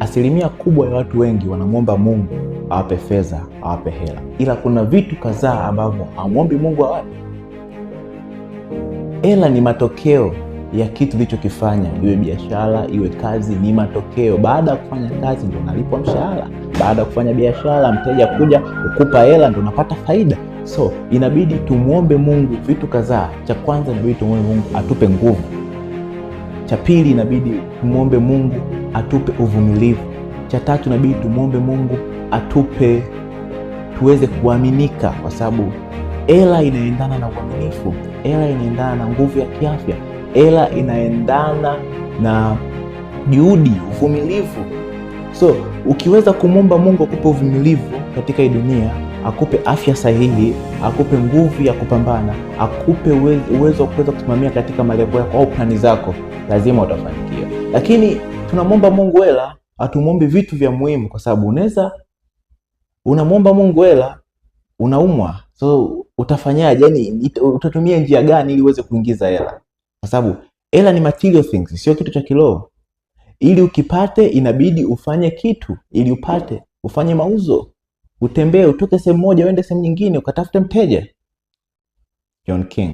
Asilimia kubwa ya watu wengi wanamwomba Mungu awape fedha, awape hela, ila kuna vitu kadhaa ambavyo hamwombi Mungu awape. Hela ni matokeo ya kitu ulichokifanya, iwe biashara, iwe kazi, ni matokeo. Baada ya kufanya kazi ndo unalipwa mshahara, baada ya kufanya biashara mteja kuja kukupa hela ndo unapata faida. So inabidi tumwombe Mungu vitu kadhaa. Cha kwanza inabidi tumwombe Mungu atupe nguvu. Cha pili inabidi tumwombe Mungu atupe uvumilivu. Cha tatu, inabidi tumwombe Mungu atupe tuweze kuaminika, kwa sababu hela inaendana na uaminifu, hela inaendana na nguvu ya kiafya, hela inaendana na juhudi, uvumilivu. So ukiweza kumwomba Mungu akupe uvumilivu katika hii dunia, akupe afya sahihi, akupe nguvu ya kupambana, akupe uwezo wa kuweza kusimamia katika malengo yako au plani zako, lazima utafanikiwa, lakini tunamwomba Mungu hela, hatumwombi vitu vya muhimu, kwa sababu unaweza unamwomba Mungu hela, unaumwa, so utafanyaje? Yani utatumia njia gani ili uweze kuingiza hela? Kwa sababu hela ni material things, sio kitu cha kiroho. Ili ukipate, inabidi ufanye kitu ili upate, ufanye mauzo, utembee, utoke sehemu moja uende sehemu nyingine, ukatafute mteja. John King.